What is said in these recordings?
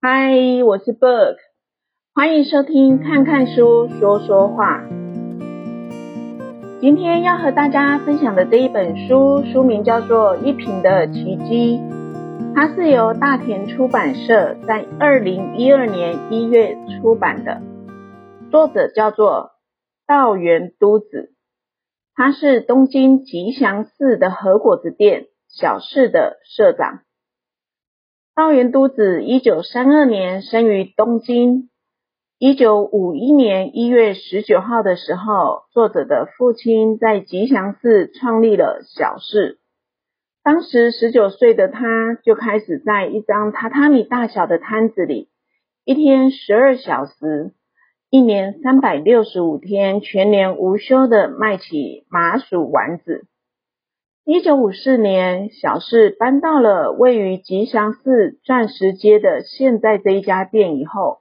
嗨，Hi, 我是 Book，歡迎收聽看看書說說話。今天要和大家分享的這一本書，書名叫做《一坪的奇蹟》，它是由大田出版社在二零一二年一月出版的，作者叫做稻垣篤子，她是東京吉祥寺的和菓子店小笹的社長。稻垣篤子，一九三二年生於東京。一九五一年一月十九號的時候，作者的父親在吉祥寺創立了小笹。當時十九歲的她，就開始在一張榻榻米大小的攤子裡，一天十二小時，一年三百六十五天，全年無休地賣起麻糬丸子。一九五四年，小笹搬到了位於吉祥寺鑽石街的現在這一家店以後，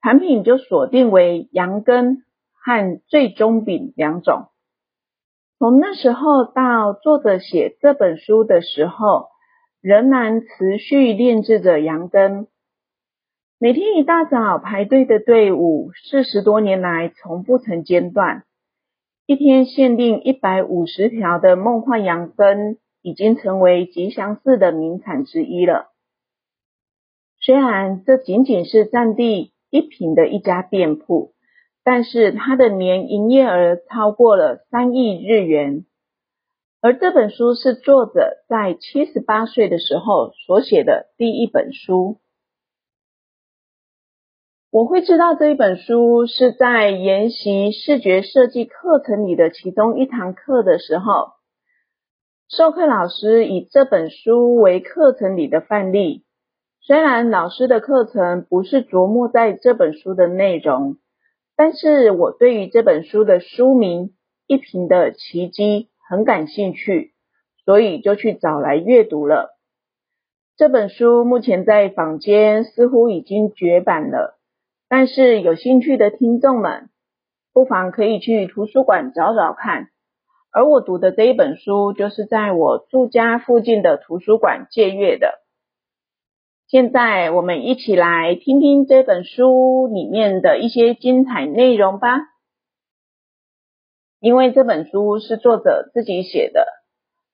產品就鎖定為羊羹和最中餅兩種。從那時候到作者寫這本書的時候，仍然持續煉製着羊羹，每天一大早排隊的隊伍四十多年來從不曾間斷。一天限定一百五十條的夢幻羊羹，已經成為吉祥寺的名產之一了。雖然這僅僅是占地一坪的一家店鋪，但是它的年營業額超過了三億日元。而這本書是作者在七十八歲的時候所寫的第一本書。我會知道這一本書是在研習視覺設計課程裡的其中一堂課的時候，授課老師以這本書為課程裡的範例。雖然老師的課程不是著墨在這本書的內容，但是我對於這本書的書名一坪的奇蹟很感興趣，所以就去找來閱讀了。這本書目前在坊間似乎已經絕版了。但是有興趣的聽眾們，不妨可以去圖書館找找看。而我讀的這一本書，就是在我住家附近的圖書館借閱的。現在，我們一起來聽聽這本書裡面的一些精彩內容吧。因為這本書是作者自己寫的，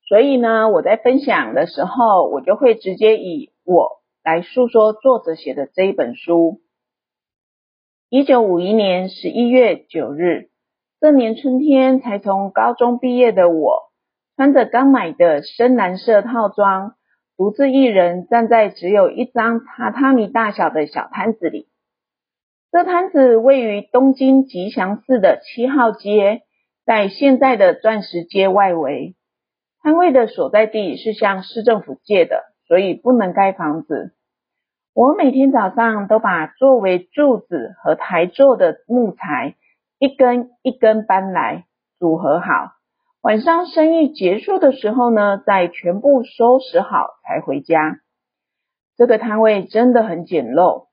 所以呢，我在分享的時候，我就會直接以我來述說作者寫的這一本書。一九五一年十一月九日，這年春天才從高中畢業的我，穿着剛買的深藍色套裝，獨自一人站在只有一張榻榻米大小的小攤子裡。這攤子位於東京吉祥寺的七號街，在現在的鑽石街外圍。攤位的所在地是向市政府借的，所以不能蓋房子。我每天早上都把作為柱子和台座的木材，一根一根搬來，組合好，晚上生意結束的時候呢，再全部收拾好才回家。這個攤位真的很簡陋，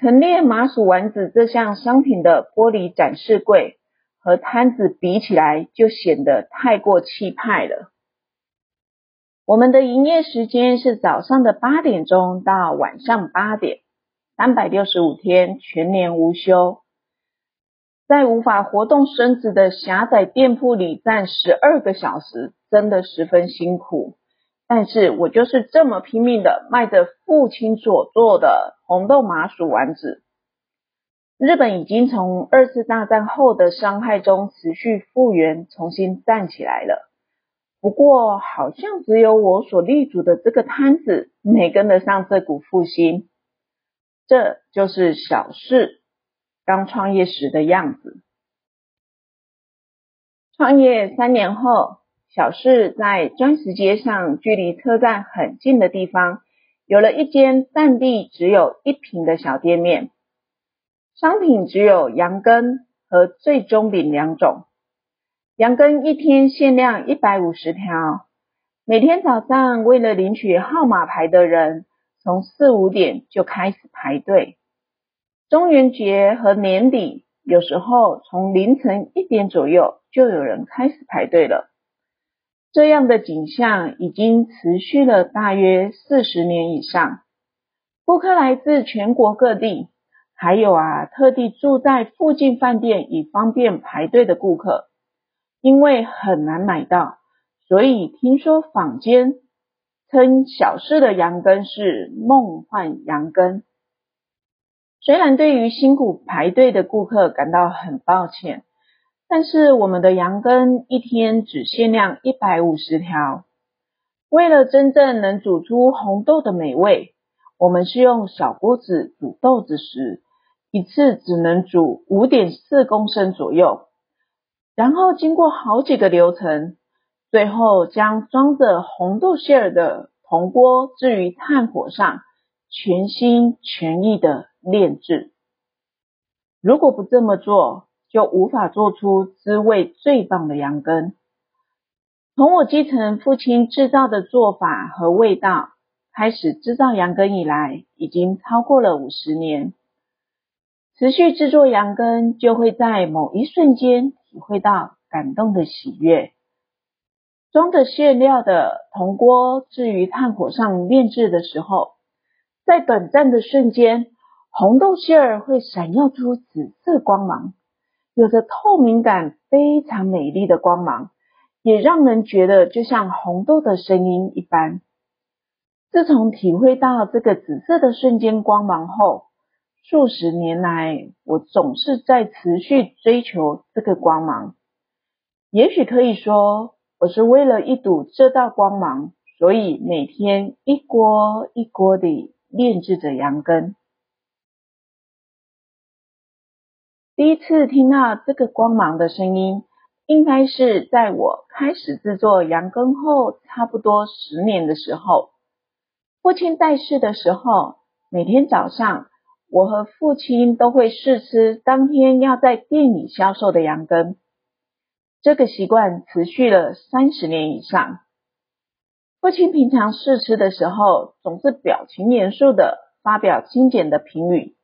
陳列麻薯丸子這項商品的玻璃展示櫃和攤子比起來，就顯得太過氣派了。我們的營業時間是早上的八點鐘到晚上八點，三百六十五天全年無休。在無法活動身子的狹窄店鋪裡站十二個小時，真的十分辛苦。但是我就是這麼拼命地賣着父親所做的紅豆麻糬丸子。日本已經從二次大戰後的傷害中持續復原，重新站起來了。不過，好像只有我所立足的這個攤子沒跟得上這股復興。這就是小笹剛創業時的樣子。創業三年後，小笹在鑽石街上，距離車站很近的地方，有了一間佔地只有一坪的小店面，商品只有羊羹和最中餅兩種。羊羹一天限量一百五十條，每天早上為了領取號碼牌的人，從四五點就開始排隊。中元節和年底，有時候從凌晨一點左右就有人開始排隊了。這樣的景象已經持續了大約四十年以上。顧客來自全國各地，還有啊，特地住在附近飯店以方便排隊的顧客。因為很難買到，所以聽說坊間稱小笹的羊羹是夢幻羊羹。雖然對於辛苦排隊的顧客感到很抱歉，但是我們的羊羹一天只限量一百五十條。為了真正能煮出紅豆的美味，我們是用小鍋子煮豆子時，一次只能煮五點四公升左右。然後經過好幾個流程，最後將裝着紅豆餡兒的銅鍋置於炭火上，全心全意的煉製。如果不這麼做，就無法做出滋味最棒的羊羹。從我繼承父親制造的做法和味道，開始制造羊羹以來，已經超過了五十年。持續製作羊羹，就會在某一瞬間體會到感動的喜悅。裝着餡料的銅鍋置於炭火上煉製的時候，在短暫的瞬間，紅豆餡兒會閃耀出紫色光芒，有着透明感、非常美麗的光芒，也讓人覺得就像紅豆的聲音一般。自從體會到這個紫色的瞬間光芒後，數十年來，我總是在持續追求這個光芒。也許可以說，我是為了一睹這道光芒，所以每天一鍋一鍋地煉製着羊羹。第一次聽到這個光芒的聲音，應該是在我開始制作羊羹後差不多十年的時候。父親在世的時候，每天早上，我和父親都會試吃當天要在店裡銷售的羊羹，這個習慣持續了三十年以上。父親平常試吃的時候，總是表情嚴肅地發表精簡的評語，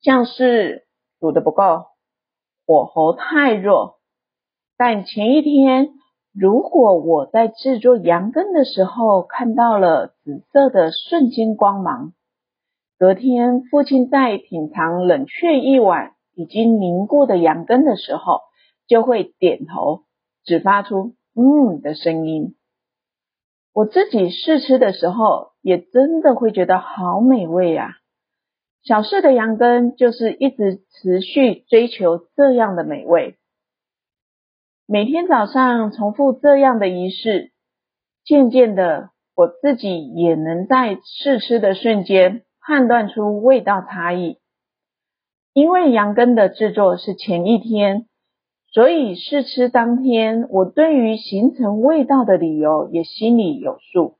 像是煮得不夠、火候太弱。但前一天，如果我在制作羊羹的時候看到了紫色的瞬間光芒，隔天，父親在品嘗冷卻一晚已經凝固的羊羹的時候，就會點頭，只發出“嗯”的聲音。我自己試吃的時候，也真的會覺得好美味啊！小笹的羊羹就是一直持續追求這樣的美味，每天早上重複這樣的儀式，漸漸的，我自己也能在試吃的瞬間，判斷出味道差異，因為羊羹的制作是前一天，所以試吃當天，我對於形成味道的理由也心裡有數。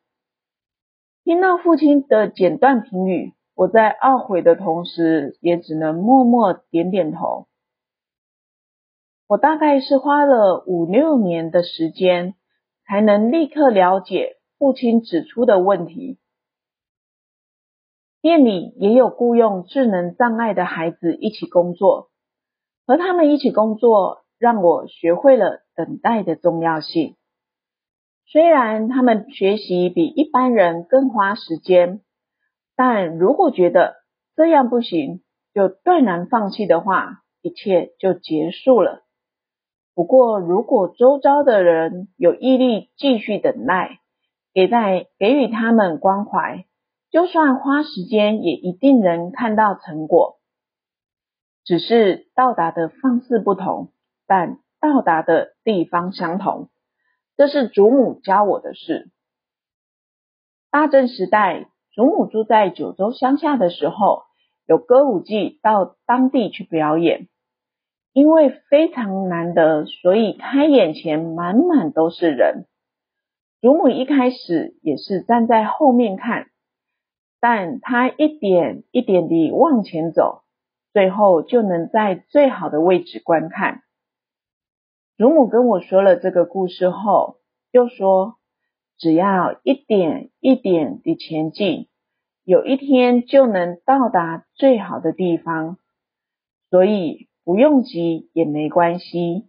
聽到父親的簡短評語，我在懊悔的同時，也只能默默點點頭。我大概是花了五六年的時間，才能立刻了解父親指出的問題。店裡也有雇用智能障礙的孩子一起工作，和他們一起工作讓我學會了等待的重要性。雖然他們學習比一般人更花時間，但如果覺得這樣不行就斷然放棄的話，一切就結束了。不過，如果周遭的人有毅力繼續等待，給在給予他們關懷。就算花時間，也一定能看到成果。只是到達的方式不同，但到達的地方相同。這是祖母教我的事。大正時代，祖母住在九州鄉下的時候，有歌舞伎到當地去表演。因為非常難得，所以開演前滿滿都是人。祖母一開始也是站在後面看。但他一點一點地往前走，最後就能在最好的位置觀看。祖母跟我說了這個故事後，就說，只要一點一點地前進，有一天就能到達最好的地方。所以不用急也沒關係，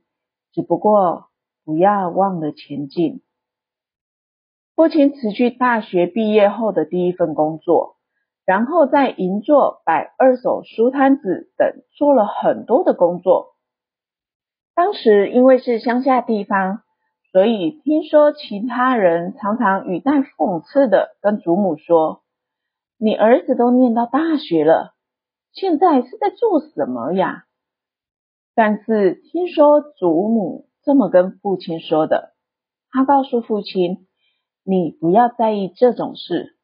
只不過不要忘了前進。父親辭去大學畢業後的第一份工作，然後在銀座擺二手書攤子等，做了很多的工作。當時因為是鄉下地方，所以聽說其他人常常語帶諷刺的跟祖母說：“你兒子都念到大學了，現在是在做什麼呀？”但是聽說祖母這麼跟父親說的，他告訴父親。你不要在意這種事。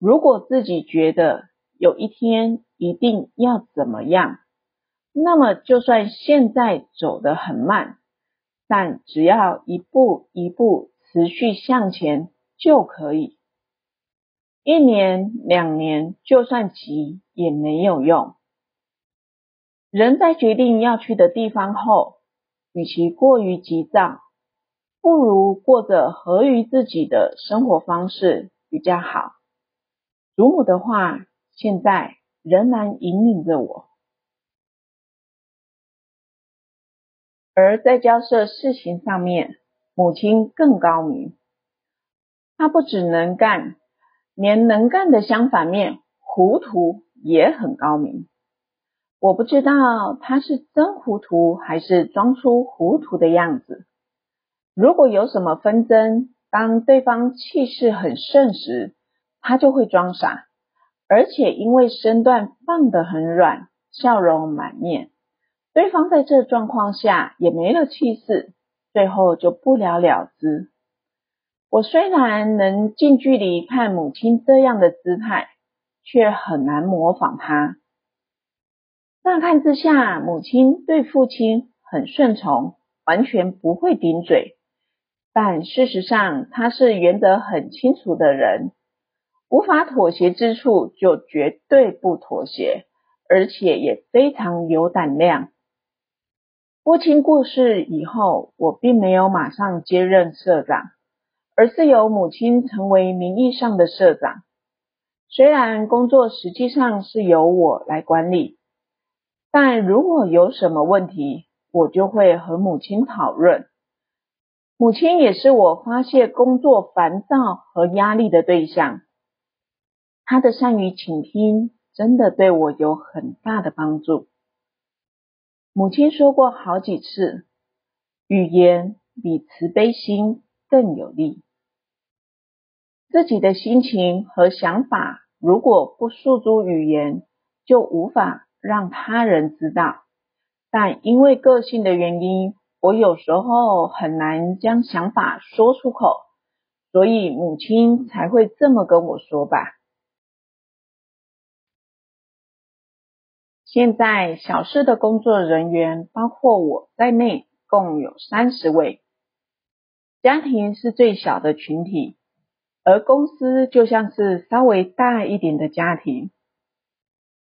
如果自己覺得有一天一定要怎麼樣，那麼就算現在走得很慢，但只要一步一步持續向前就可以。一年兩年，就算急也沒有用。人在決定要去的地方後，與其過於急躁，不如過着合於自己的生活方式比較好。祖母的話，現在仍然引領着我；而在交涉事情上面，母親更高明。她不只能幹，連能幹的相反面——糊塗，也很高明。我不知道她是真糊塗，還是裝出糊塗的樣子。如果有什麼紛爭，當對方氣勢很盛時，他就會裝傻，而且因為身段放得很軟，笑容滿面，對方在這狀況下也沒了氣勢，最後就不了了之。我雖然能近距離看母親這樣的姿態，卻很難模仿她。乍看之下，母親對父親很順從，完全不會頂嘴。但事實上，他是原則很清楚的人，無法妥協之處就絕對不妥協，而且也非常有膽量。父親過世以後，我並沒有馬上接任社長，而是由母親成為名義上的社長。雖然工作實際上是由我來管理，但如果有什麼問題，我就會和母親討論。母親也是我發洩工作煩躁和壓力的對象。她的善於傾聽，真的對我有很大的幫助。母親說過好幾次，語言比慈悲心更有力。自己的心情和想法，如果不訴諸語言，就無法讓他人知道。但因為個性的原因，我有時候很難將想法說出口，所以母親才會這麼跟我說吧。現在小笹的工作人員包括我在內，共有三十位。家庭是最小的群體，而公司就像是稍微大一點的家庭。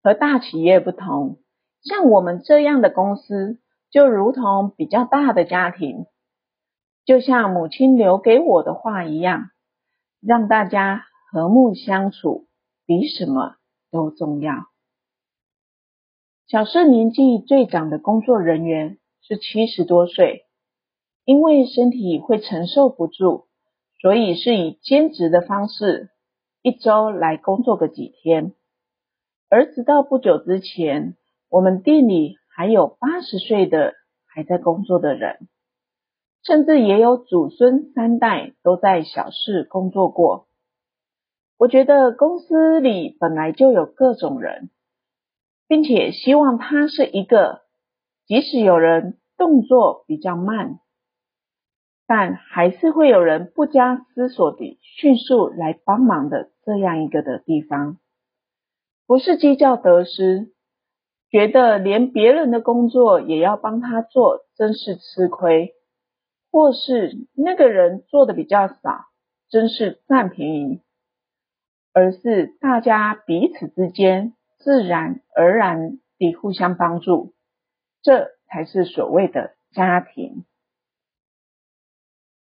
和大企業不同，像我們這樣的公司。就如同比較大的家庭，就像母親留給我的話一樣，讓大家和睦相處，比什麼都重要。小笹年紀最長的工作人員是七十多歲，因為身體會承受不住，所以是以兼職的方式，一周來工作個幾天。而直到不久之前，我們店裡。還有八十歲的還在工作的人，甚至也有祖孫三代都在小笹工作過。我覺得公司裡本來就有各種人，並且希望他是一個，即使有人動作比較慢，但還是會有人不假思索地迅速來幫忙的這樣一個的地方，不是計較得失，覺得連別人的工作也要幫他做，真是吃虧；或是那個人做的比較少，真是占便宜；而是大家彼此之間自然而然的互相幫助，這才是所謂的家庭。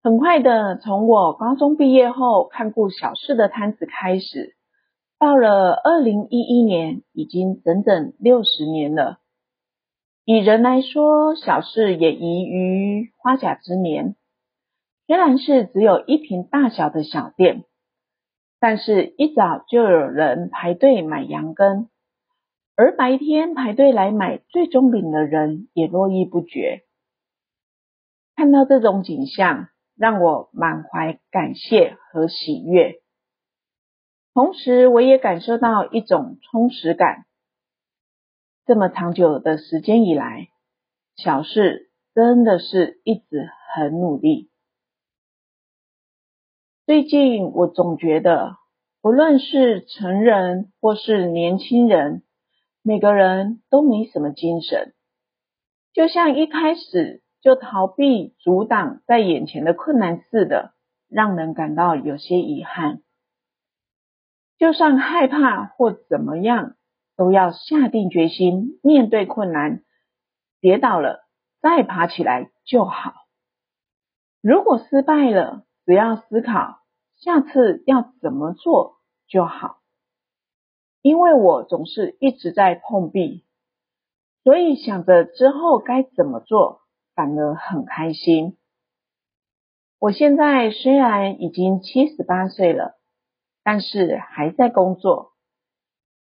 很快的，從我高中畢業後，看顧小笹的攤子開始。到了二零一一年，已經整整六十年了。以人來說，小笹也已逾花甲之年。雖然是只有一坪大小的小店，但是一早就有人排隊買羊羹，而白天排隊來買最中餅的人也絡繹不絕。看到這種景象，讓我滿懷感謝和喜悅。同時，我也感受到一種充實感。這麼長久的時間以來，小笹真的是一直很努力。最近，我總覺得，不論是成人或是年輕人，每個人都沒什麼精神，就像一開始就逃避阻擋在眼前的困難似的，讓人感到有些遺憾。就算害怕或怎麼樣，都要下定決心面對困難。跌倒了再爬起來就好。如果失敗了，只要思考下次要怎麼做就好。因為我總是一直在碰壁，所以想着之後該怎麼做，反而很開心。我現在雖然已經七十八歲了。但是還在工作，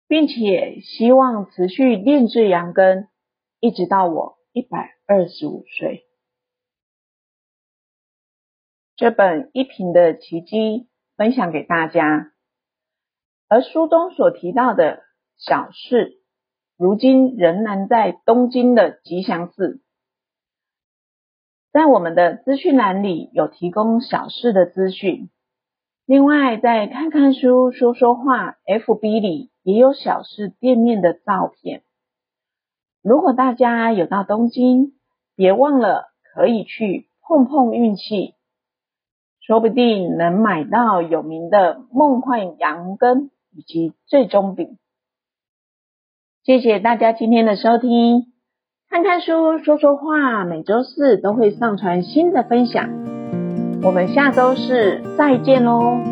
並且希望持續煉制羊羹，一直到我一百二十五歲。這本一坪的奇蹟分享給大家，而書中所提到的小笹，如今仍然在東京的吉祥寺，在我們的資訊欄裡有提供小笹的資訊。另外，在看看書、說說話，FB 裡也有小笹店面的照片。如果大家有到東京，別忘了可以去碰碰運氣，說不定能買到有名的夢幻羊羹以及最中餅。謝謝大家今天的收聽，看看書、說說話，每周四都會上傳新的分享。我們下周四再見嘍。